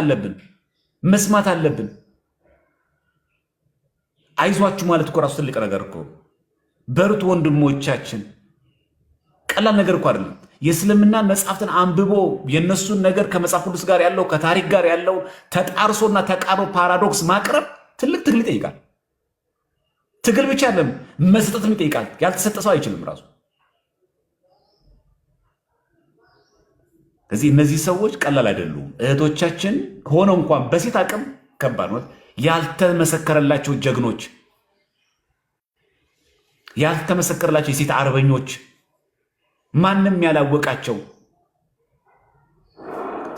አለብን፣ መስማት አለብን። አይዟችሁ ማለት እኮ ራሱ ትልቅ ነገር እኮ በርቱ ወንድሞቻችን። ቀላል ነገር እኮ አይደለም። የእስልምና መጽሐፍትን አንብቦ የእነሱን ነገር ከመጽሐፍ ቅዱስ ጋር ያለው ከታሪክ ጋር ያለው ተጣርሶና ተቃርኖ ፓራዶክስ ማቅረብ ትልቅ ትግል ይጠይቃል። ትግል ብቻ አይደለም መስጠትም ይጠይቃል። ያልተሰጠ ሰው አይችልም ራሱ ከዚህ እነዚህ ሰዎች ቀላል አይደሉም። እህቶቻችን ከሆነው እንኳን በሴት አቅም ከባድ ነው። ያልተመሰከረላቸው ጀግኖች፣ ያልተመሰከረላቸው የሴት አርበኞች፣ ማንም ያላወቃቸው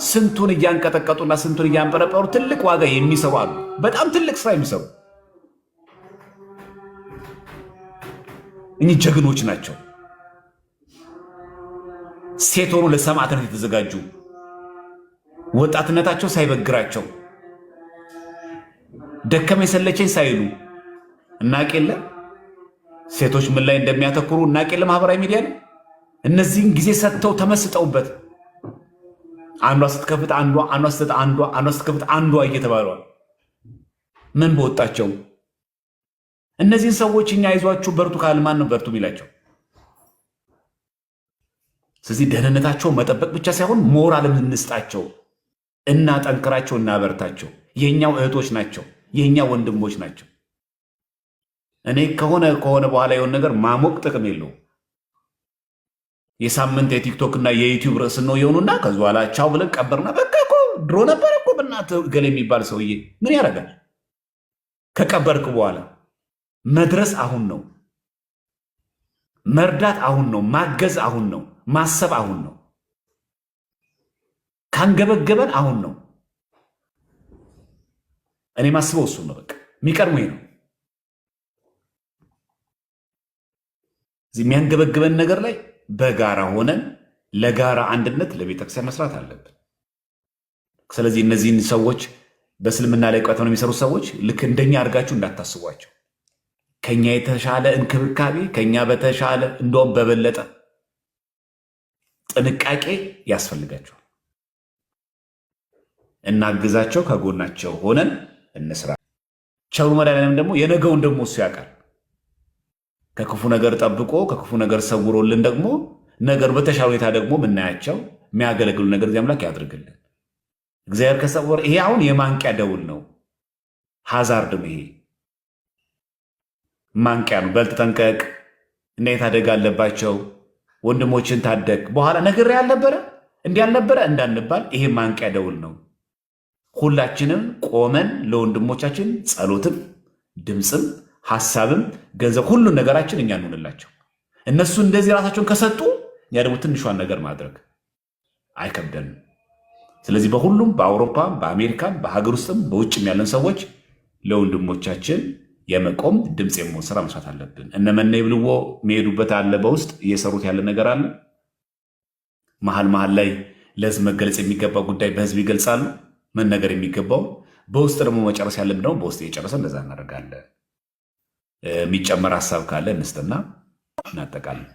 ስንቱን እያንቀጠቀጡና ስንቱን እያንበረበሩ ትልቅ ዋጋ የሚሰሩ አሉ። በጣም ትልቅ ስራ የሚሰሩ እኚህ ጀግኖች ናቸው። ሴት ሆኖ ለሰማዕትነት የተዘጋጁ ወጣትነታቸው ሳይበግራቸው ደከመኝ ሰለቸኝ ሳይሉ እናቄለ ሴቶች ምን ላይ እንደሚያተኩሩ እናቄለ ማህበራዊ ሚዲያ ነው። እነዚህን ጊዜ ሰጥተው ተመስጠውበት አንዷ ስትከፍት አንዷ አንዷ ስትሰጥ አንዷ አንዷ ስትከፍት አንዷ እየተባለዋል። ምን በወጣቸው እነዚህን ሰዎች እኛ ይዟችሁ በርቱ ካል ማን ነው በርቱ የሚላቸው? ስለዚህ ደህንነታቸው መጠበቅ ብቻ ሳይሆን ሞራልም እንስጣቸው፣ እናጠንክራቸው፣ እናበርታቸው። የእኛው እህቶች ናቸው፣ የእኛ ወንድሞች ናቸው። እኔ ከሆነ ከሆነ በኋላ የሆን ነገር ማሞቅ ጥቅም የለው የሳምንት የቲክቶክ እና የዩቲዩብ ርዕስ ነው የሆኑና ከዚ በኋላ ቻው ብለን ቀበርና በቃ እኮ ድሮ ነበር እኮ በእናትህ ገሌ የሚባል ሰውዬ ምን ያደርጋል? ከቀበርክ በኋላ መድረስ አሁን ነው፣ መርዳት አሁን ነው፣ ማገዝ አሁን ነው። ማሰብ አሁን ነው። ካንገበገበን አሁን ነው። እኔ ማስበው እሱ ነው። በቃ የሚቀርሙ ነው። እዚህ የሚያንገበግበን ነገር ላይ በጋራ ሆነን ለጋራ አንድነት ለቤተክርስቲያን መስራት አለብን። ስለዚህ እነዚህን ሰዎች በእስልምና ላይ እውቀት ነው ሰዎች ልክ እንደኛ አድርጋችሁ እንዳታስቧቸው። ከኛ የተሻለ እንክብካቤ ከኛ በተሻለ እንደውም በበለጠ ጥንቃቄ ያስፈልጋቸዋል። እናግዛቸው፣ ከጎናቸው ሆነን እንስራ። ቸሩ መድኃኒዓለም ደግሞ የነገውን ደግሞ እሱ ያውቃል። ከክፉ ነገር ጠብቆ ከክፉ ነገር ሰውሮልን ደግሞ ነገር በተሻለ ሁኔታ ደግሞ የምናያቸው የሚያገለግሉ ነገር እዚህ አምላክ ያድርግልን። እግዚአብሔር ከሰወር ይሄ አሁን የማንቂያ ደውል ነው። ሀዛርድ ነው ይሄ ማንቂያ ነው። በልት ጠንቀቅ፣ እንዴት አደጋ አለባቸው ወንድሞችን ታደግ። በኋላ ነገር ያልነበረ እንዲህ ያልነበረ እንዳንባል ይሄ ማንቂያ ደውል ነው። ሁላችንም ቆመን ለወንድሞቻችን ጸሎትም፣ ድምፅም፣ ሀሳብም፣ ገንዘብ ሁሉን ነገራችን እኛ እንሆንላቸው። እነሱ እንደዚህ ራሳቸውን ከሰጡ እኛ ደግሞ ትንሿን ነገር ማድረግ አይከብደንም። ስለዚህ በሁሉም በአውሮፓ፣ በአሜሪካም፣ በሀገር ውስጥም በውጭም ያለን ሰዎች ለወንድሞቻችን የመቆም ድምፅ የመሆን ስራ መስራት አለብን። እነ መነይ ብልዎ የሚሄዱበት አለ፣ በውስጥ እየሰሩት ያለ ነገር አለ። መሀል መሀል ላይ ለህዝብ መገለጽ የሚገባ ጉዳይ በህዝብ ይገልጻሉ። መነገር የሚገባው በውስጥ ደግሞ መጨረስ ያለም ደግሞ በውስጥ እየጨረሰ እንደዛ እናደርጋለን። የሚጨመር ሀሳብ ካለ እንስጥና እናጠቃለን።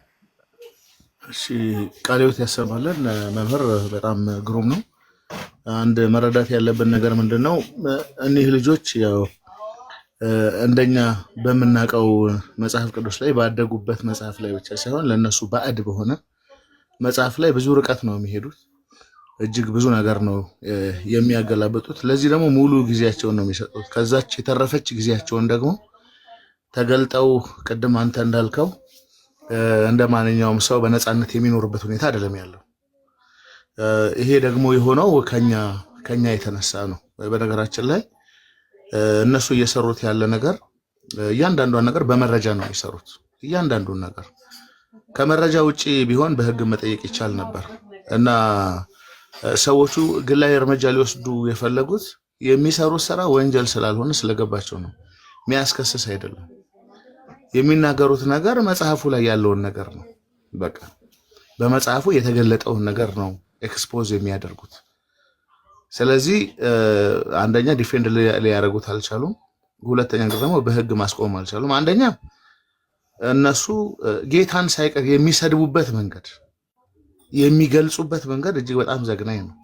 ቃሌዎት ያሰማለን። መምህር በጣም ግሩም ነው። አንድ መረዳት ያለብን ነገር ምንድን ነው? እኒህ ልጆች ያው እንደኛ በምናውቀው መጽሐፍ ቅዱስ ላይ ባደጉበት መጽሐፍ ላይ ብቻ ሳይሆን ለእነሱ ባዕድ በሆነ መጽሐፍ ላይ ብዙ ርቀት ነው የሚሄዱት። እጅግ ብዙ ነገር ነው የሚያገላበጡት። ለዚህ ደግሞ ሙሉ ጊዜያቸውን ነው የሚሰጡት። ከዛች የተረፈች ጊዜያቸውን ደግሞ ተገልጠው ቅድም አንተ እንዳልከው እንደ ማንኛውም ሰው በነፃነት የሚኖርበት ሁኔታ አይደለም ያለው። ይሄ ደግሞ የሆነው ከኛ ከኛ የተነሳ ነው በነገራችን ላይ እነሱ እየሰሩት ያለ ነገር እያንዳንዷን ነገር በመረጃ ነው የሚሰሩት። እያንዳንዱን ነገር ከመረጃ ውጪ ቢሆን በህግ መጠየቅ ይቻል ነበር እና ሰዎቹ ግላዊ እርምጃ ሊወስዱ የፈለጉት የሚሰሩት ስራ ወንጀል ስላልሆነ ስለገባቸው ነው። የሚያስከስስ አይደለም። የሚናገሩት ነገር መጽሐፉ ላይ ያለውን ነገር ነው። በቃ በመጽሐፉ የተገለጠውን ነገር ነው ኤክስፖዝ የሚያደርጉት። ስለዚህ አንደኛ ዲፌንድ ሊያደርጉት አልቻሉም። ሁለተኛ ነገር ደግሞ በህግ ማስቆም አልቻሉም። አንደኛ እነሱ ጌታን ሳይቀር የሚሰድቡበት መንገድ የሚገልጹበት መንገድ እጅግ በጣም ዘግናኝ ነው።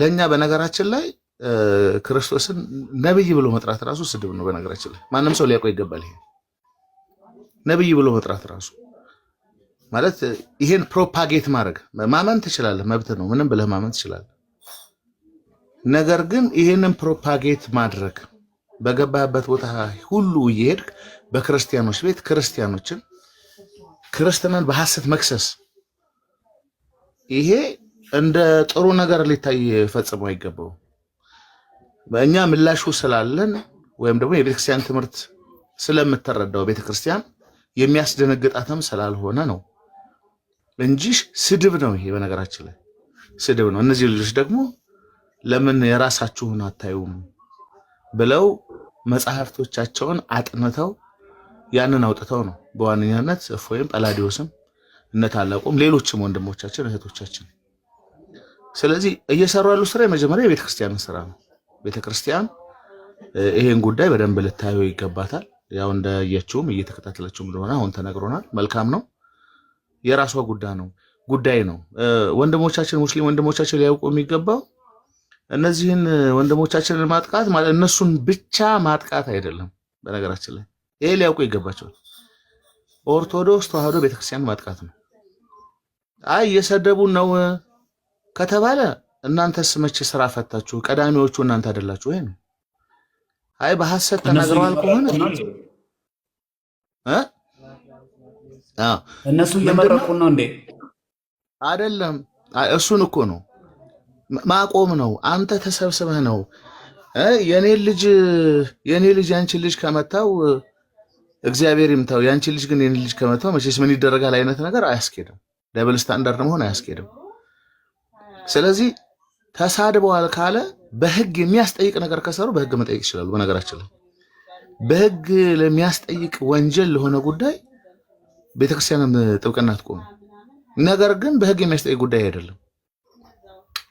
ለእኛ በነገራችን ላይ ክርስቶስን ነብይ ብሎ መጥራት ራሱ ስድብ ነው። በነገራችን ላይ ማንም ሰው ሊያውቀው ይገባል። ይሄ ነብይ ብሎ መጥራት ራሱ ማለት ይሄን ፕሮፓጌት ማድረግ ማመን ትችላለህ፣ መብት ነው። ምንም ብለህ ማመን ትችላለህ። ነገር ግን ይህንን ፕሮፓጌት ማድረግ በገባህበት ቦታ ሁሉ እየሄድክ በክርስቲያኖች ቤት ክርስቲያኖችን ክርስትናን በሐሰት መክሰስ ይሄ እንደ ጥሩ ነገር ሊታይ ፈጽሞ አይገባው። በእኛ ምላሹ ስላለን ወይም ደግሞ የቤተክርስቲያን ትምህርት ስለምትረዳው ቤተክርስቲያን የሚያስደነግጣትም ስላልሆነ ነው እንጂ ስድብ ነው ይሄ። በነገራችን ላይ ስድብ ነው። እነዚህ ልጆች ደግሞ ለምን የራሳችሁን አታዩም ብለው መጽሐፍቶቻቸውን አጥንተው ያንን አውጥተው ነው በዋነኛነት እፎይም ጳላዲዮስም እነ ታላቁም ሌሎችም ወንድሞቻችን እህቶቻችን። ስለዚህ እየሰሩ ያሉ ስራ የመጀመሪያ የቤተክርስቲያንን ስራ ነው። ቤተክርስቲያን ይሄን ጉዳይ በደንብ ልታየው ይገባታል። ያው እንደየችውም እየተከታተለችው እንደሆነ አሁን ተነግሮናል። መልካም ነው። የራሷ ጉዳይ ነው ጉዳይ ነው። ወንድሞቻችን ሙስሊም ወንድሞቻችን ሊያውቁ የሚገባው እነዚህን ወንድሞቻችንን ማጥቃት ማለት እነሱን ብቻ ማጥቃት አይደለም። በነገራችን ላይ ይሄ ሊያውቁ ይገባቸዋል። ኦርቶዶክስ ተዋህዶ ቤተክርስቲያን ማጥቃት ነው። አይ እየሰደቡን ነው ከተባለ እናንተስ መቼ ስራ ፈታችሁ? ቀዳሚዎቹ እናንተ አይደላችሁ ወይ ነው። አይ በሐሰት ተናግረዋል ከሆነ እነሱ እየመረቁ ነው እንዴ? አይደለም፣ እሱን እኮ ነው ማቆም ነው። አንተ ተሰብስበህ ነው የኔ ልጅ የኔ ልጅ ያንቺ ልጅ ከመታው እግዚአብሔር ይምታው፣ ያንቺ ልጅ ግን የኔ ልጅ ከመታው መቼስ ምን ይደረጋል አይነት ነገር አያስኬድም። ደብል ስታንዳርድ መሆን አያስኬድም። ስለዚህ ተሳድበዋል ካለ በህግ የሚያስጠይቅ ነገር ከሰሩ በህግ መጠየቅ ይችላሉ። በነገራችን ላይ በህግ ለሚያስጠይቅ ወንጀል ለሆነ ጉዳይ ቤተክርስቲያንም ጥብቅና ትቆም። ነገር ግን በህግ የሚያስጠይቅ ጉዳይ አይደለም።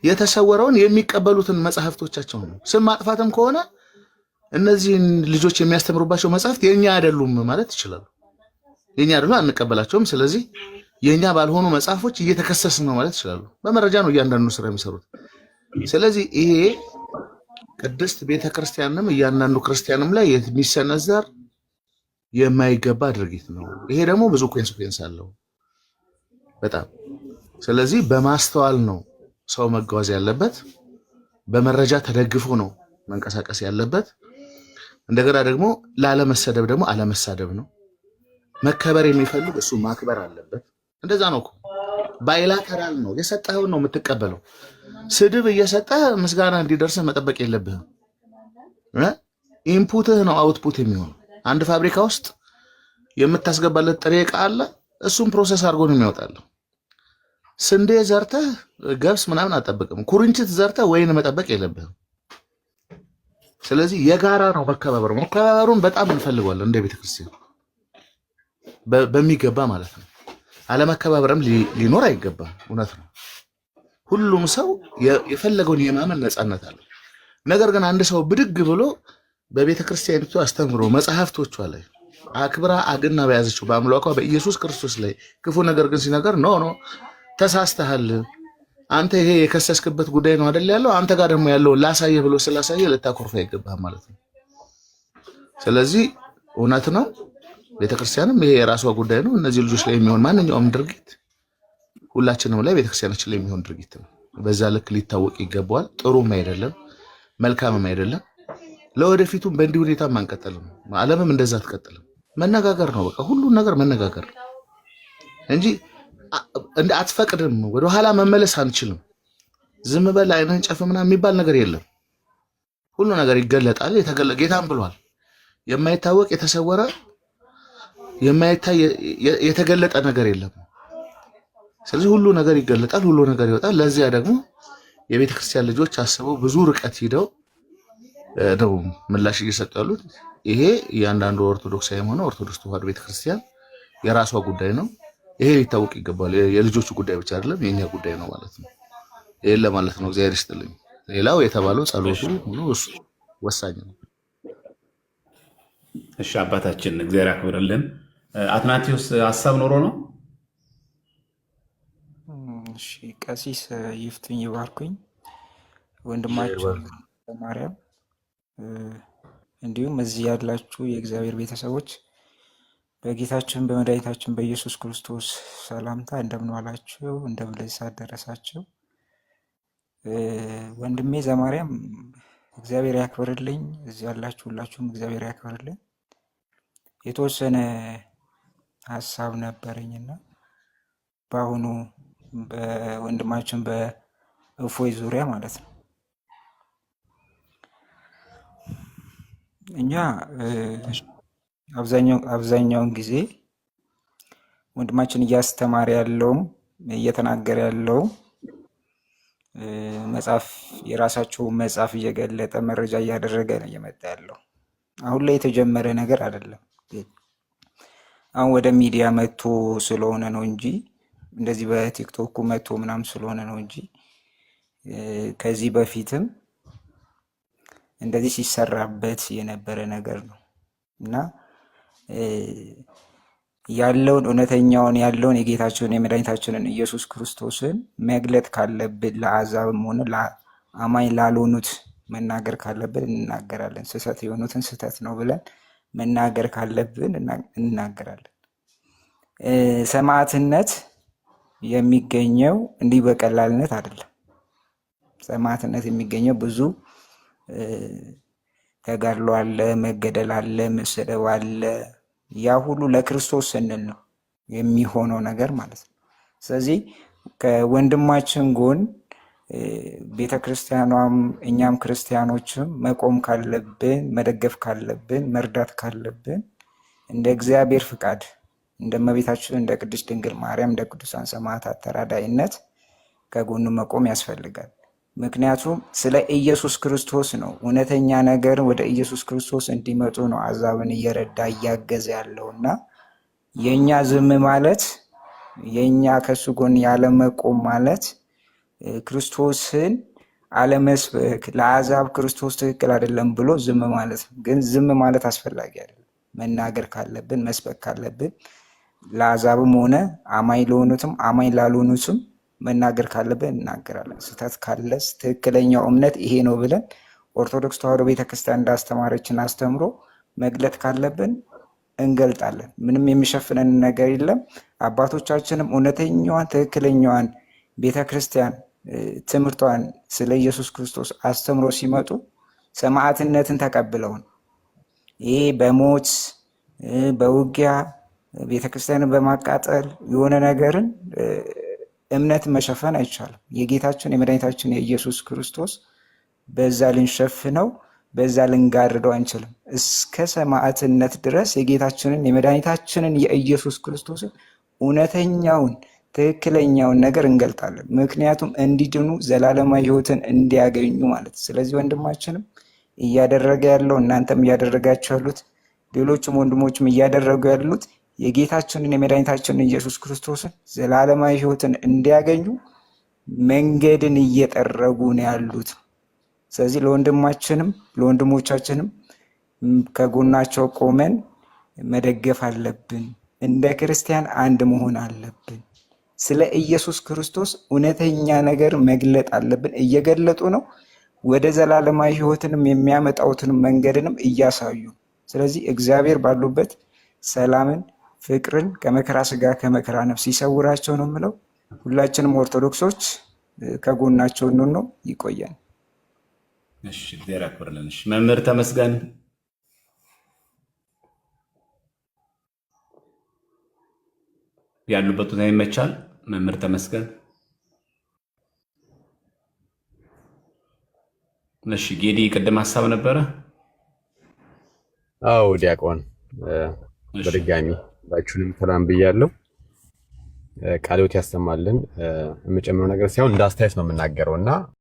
የተሰወረውን የሚቀበሉትን መጽሐፍቶቻቸው ነው። ስም ማጥፋትም ከሆነ እነዚህን ልጆች የሚያስተምሩባቸው መጽሐፍት የኛ አይደሉም ማለት ይችላሉ። የኛ አይደሉም፣ አንቀበላቸውም። ስለዚህ የኛ ባልሆኑ መጽሐፎች እየተከሰስን ነው ማለት ይችላሉ። በመረጃ ነው እያንዳንዱ ስራ የሚሰሩት። ስለዚህ ይሄ ቅድስት ቤተክርስቲያንም እያንዳንዱ ክርስቲያንም ላይ የሚሰነዘር የማይገባ ድርጊት ነው። ይሄ ደግሞ ብዙ ኮንስኩዌንስ አለው በጣም ስለዚህ በማስተዋል ነው ሰው መጓዝ ያለበት በመረጃ ተደግፎ ነው መንቀሳቀስ ያለበት። እንደገና ደግሞ ላለመሰደብ ደግሞ አለመሳደብ ነው። መከበር የሚፈልግ እሱ ማክበር አለበት። እንደዛ ነው ባይላተራል ነው። የሰጠኸውን ነው የምትቀበለው። ስድብ እየሰጠህ ምስጋና እንዲደርስህ መጠበቅ የለብህም። ኢንፑትህ ነው አውትፑት የሚሆነው። አንድ ፋብሪካ ውስጥ የምታስገባለት ጥሬ እቃ አለ። እሱም ፕሮሰስ አድርጎ ነው የሚያወጣለሁ ስንዴ ዘርተህ ገብስ ምናምን አጠብቅም። ኩርንችት ዘርተህ ወይን መጠበቅ የለብህም። ስለዚህ የጋራ ነው መከባበሩ። መከባበሩን በጣም እንፈልገዋለን እንደ ቤተክርስቲያን በሚገባ ማለት ነው። አለመከባበርም ሊኖር አይገባም። እውነት ነው። ሁሉም ሰው የፈለገውን የማመን ነፃነት አለው። ነገር ግን አንድ ሰው ብድግ ብሎ በቤተ ክርስቲያኒቱ አስተምሮ መጽሐፍቶቿ ላይ አክብራ አግና በያዘችው በአምላኳ በኢየሱስ ክርስቶስ ላይ ክፉ ነገር ግን ሲነገር ኖ ኖ ተሳስተሃል። አንተ ይሄ የከሰስክበት ጉዳይ ነው አይደል ያለው። አንተ ጋር ደግሞ ያለውን ላሳየህ ብሎ ስላሳየህ ልታኮርፍ አይገባህ ማለት ነው። ስለዚህ እውነት ነው። ቤተክርስቲያንም ይሄ የራሷ ጉዳይ ነው። እነዚህ ልጆች ላይ የሚሆን ማንኛውም ድርጊት ሁላችንም ላይ ቤተክርስቲያናችን ላይ የሚሆን ድርጊት ነው። በዛ ልክ ሊታወቅ ይገባዋል። ጥሩም አይደለም፣ መልካምም አይደለም። ለወደፊቱም በእንዲህ ሁኔታም አንቀጠልም። ዓለምም እንደዛ አትቀጥልም። መነጋገር ነው በቃ ሁሉን ነገር መነጋገር እንጂ አትፈቅድም። ወደኋላ መመለስ አንችልም። ዝም በል አይነን ጨፍ ምናምን የሚባል ነገር የለም። ሁሉ ነገር ይገለጣል። የተገለ ጌታም ብሏል። የማይታወቅ የተሰወረ የማይታይ የተገለጠ ነገር የለም። ስለዚህ ሁሉ ነገር ይገለጣል፣ ሁሉ ነገር ይወጣል። ለዚያ ደግሞ የቤተ ክርስቲያን ልጆች አስበው ብዙ ርቀት ሂደው ነው ምላሽ እየሰጡ ያሉት። ይሄ እያንዳንዱ ኦርቶዶክሳዊም ሆነ ኦርቶዶክስ ተዋህዶ ቤተክርስቲያን የራሷ ጉዳይ ነው። ይሄ ሊታወቅ ይገባል። የልጆቹ ጉዳይ ብቻ አይደለም፣ የኛ ጉዳይ ነው ማለት ነው። ይህን ለማለት ነው። እግዚአብሔር ይስጥልኝ። ሌላው የተባለው ጸሎቱ ሆኖ እሱ ወሳኝ ነው። እሺ አባታችን እግዚአብሔር ያክብርልን። አትናቴዎስ ሀሳብ ኖሮ ነው። እሺ ቀሲስ ይፍቱኝ ይባርኩኝ፣ ወንድማችን ማርያም፣ እንዲሁም እዚህ ያላችሁ የእግዚአብሔር ቤተሰቦች በጌታችን በመድኃኒታችን በኢየሱስ ክርስቶስ ሰላምታ እንደምን ዋላችሁ፣ እንደምን ለዚህ ወንድሜ ዘማርያም እግዚአብሔር ያክብርልኝ። እዚህ ያላችሁ ሁላችሁም እግዚአብሔር ያክብርልኝ። የተወሰነ ሀሳብ ነበረኝና በአሁኑ በወንድማችን በእፎይ ዙሪያ ማለት ነው እኛ አብዛኛውን ጊዜ ወንድማችን እያስተማረ ያለውም እየተናገረ ያለው መጽሐፍ የራሳቸውን መጽሐፍ እየገለጠ መረጃ እያደረገ ነው እየመጣ ያለው። አሁን ላይ የተጀመረ ነገር አይደለም። አሁን ወደ ሚዲያ መጥቶ ስለሆነ ነው እንጂ እንደዚህ በቲክቶክ መጥቶ ምናምን ስለሆነ ነው እንጂ ከዚህ በፊትም እንደዚህ ሲሰራበት የነበረ ነገር ነው እና ያለውን እውነተኛውን ያለውን የጌታችንን የመድኃኒታችንን ኢየሱስ ክርስቶስን መግለጥ ካለብን ለአሕዛብም ሆነ አማኝ ላልሆኑት መናገር ካለብን እንናገራለን። ስህተት የሆኑትን ስህተት ነው ብለን መናገር ካለብን እንናገራለን። ሰማዕትነት የሚገኘው እንዲህ በቀላልነት አይደለም። ሰማዕትነት የሚገኘው ብዙ ተጋድሎ አለ፣ መገደል አለ፣ መሰደብ አለ። ያ ሁሉ ለክርስቶስ ስንል ነው የሚሆነው ነገር ማለት ነው። ስለዚህ ከወንድማችን ጎን ቤተ ክርስቲያኗም እኛም ክርስቲያኖችም መቆም ካለብን፣ መደገፍ ካለብን፣ መርዳት ካለብን እንደ እግዚአብሔር ፍቃድ እንደ እመቤታችን እንደ ቅድስት ድንግል ማርያም እንደ ቅዱሳን ሰማዕታት ተራዳይነት ከጎኑ መቆም ያስፈልጋል። ምክንያቱም ስለ ኢየሱስ ክርስቶስ ነው። እውነተኛ ነገር ወደ ኢየሱስ ክርስቶስ እንዲመጡ ነው አሕዛብን እየረዳ እያገዘ ያለው እና የእኛ ዝም ማለት የእኛ ከሱ ጎን ያለመቆም ማለት ክርስቶስን አለመስበክ፣ ለአሕዛብ ክርስቶስ ትክክል አይደለም ብሎ ዝም ማለት ነው። ግን ዝም ማለት አስፈላጊ አይደለም። መናገር ካለብን መስበክ ካለብን ለአሕዛብም ሆነ አማኝ ለሆኑትም አማኝ ላልሆኑትም መናገር ካለብን እናገራለን። ስህተት ካለስ ትክክለኛው እምነት ይሄ ነው ብለን ኦርቶዶክስ ተዋህዶ ቤተክርስቲያን እንዳስተማረችን አስተምሮ መግለጥ ካለብን እንገልጣለን። ምንም የሚሸፍነን ነገር የለም። አባቶቻችንም እውነተኛዋን ትክክለኛዋን ቤተክርስቲያን ትምህርቷን ስለ ኢየሱስ ክርስቶስ አስተምሮ ሲመጡ ሰማዕትነትን ተቀብለውን ይሄ በሞት በውጊያ ቤተክርስቲያንን በማቃጠል የሆነ ነገርን እምነት መሸፈን አይቻልም። የጌታችን የመድኃኒታችን የኢየሱስ ክርስቶስ በዛ ልንሸፍነው በዛ ልንጋርደው አንችልም። እስከ ሰማዕትነት ድረስ የጌታችንን የመድኃኒታችንን የኢየሱስ ክርስቶስን እውነተኛውን ትክክለኛውን ነገር እንገልጣለን። ምክንያቱም እንዲድኑ ዘላለማዊ ሕይወትን እንዲያገኙ ማለት። ስለዚህ ወንድማችንም እያደረገ ያለው እናንተም እያደረጋችሁ ያሉት ሌሎችም ወንድሞችም እያደረጉ ያሉት የጌታችንን የመድኃኒታችንን ኢየሱስ ክርስቶስን ዘላለማዊ ህይወትን እንዲያገኙ መንገድን እየጠረጉ ነው ያሉት። ስለዚህ ለወንድማችንም ለወንድሞቻችንም ከጎናቸው ቆመን መደገፍ አለብን። እንደ ክርስቲያን አንድ መሆን አለብን። ስለ ኢየሱስ ክርስቶስ እውነተኛ ነገር መግለጥ አለብን። እየገለጡ ነው። ወደ ዘላለማዊ ህይወትንም የሚያመጣውትን መንገድንም እያሳዩ ስለዚህ እግዚአብሔር ባሉበት ሰላምን ፍቅርን ከመከራ ስጋ ከመከራ ነፍስ ይሰውራቸው ነው የምለው። ሁላችንም ኦርቶዶክሶች ከጎናቸው እንሆን ነው። ይቆያል። እግዚአብሔር ያክብርልን። መምህር ተመስገን ያሉበት ሁኔታ ይመቻል። መምህር ተመስገን እሺ ጌዲ ቅድም ሀሳብ ነበረ። አዎ ዲያቆን በድጋሚ ሁላችሁንም ሰላም ብያለሁ። ቃልዎት ያሰማልን። የምጨምረው ነገር ሳይሆን እንደ አስተያየት ነው የምናገረው እና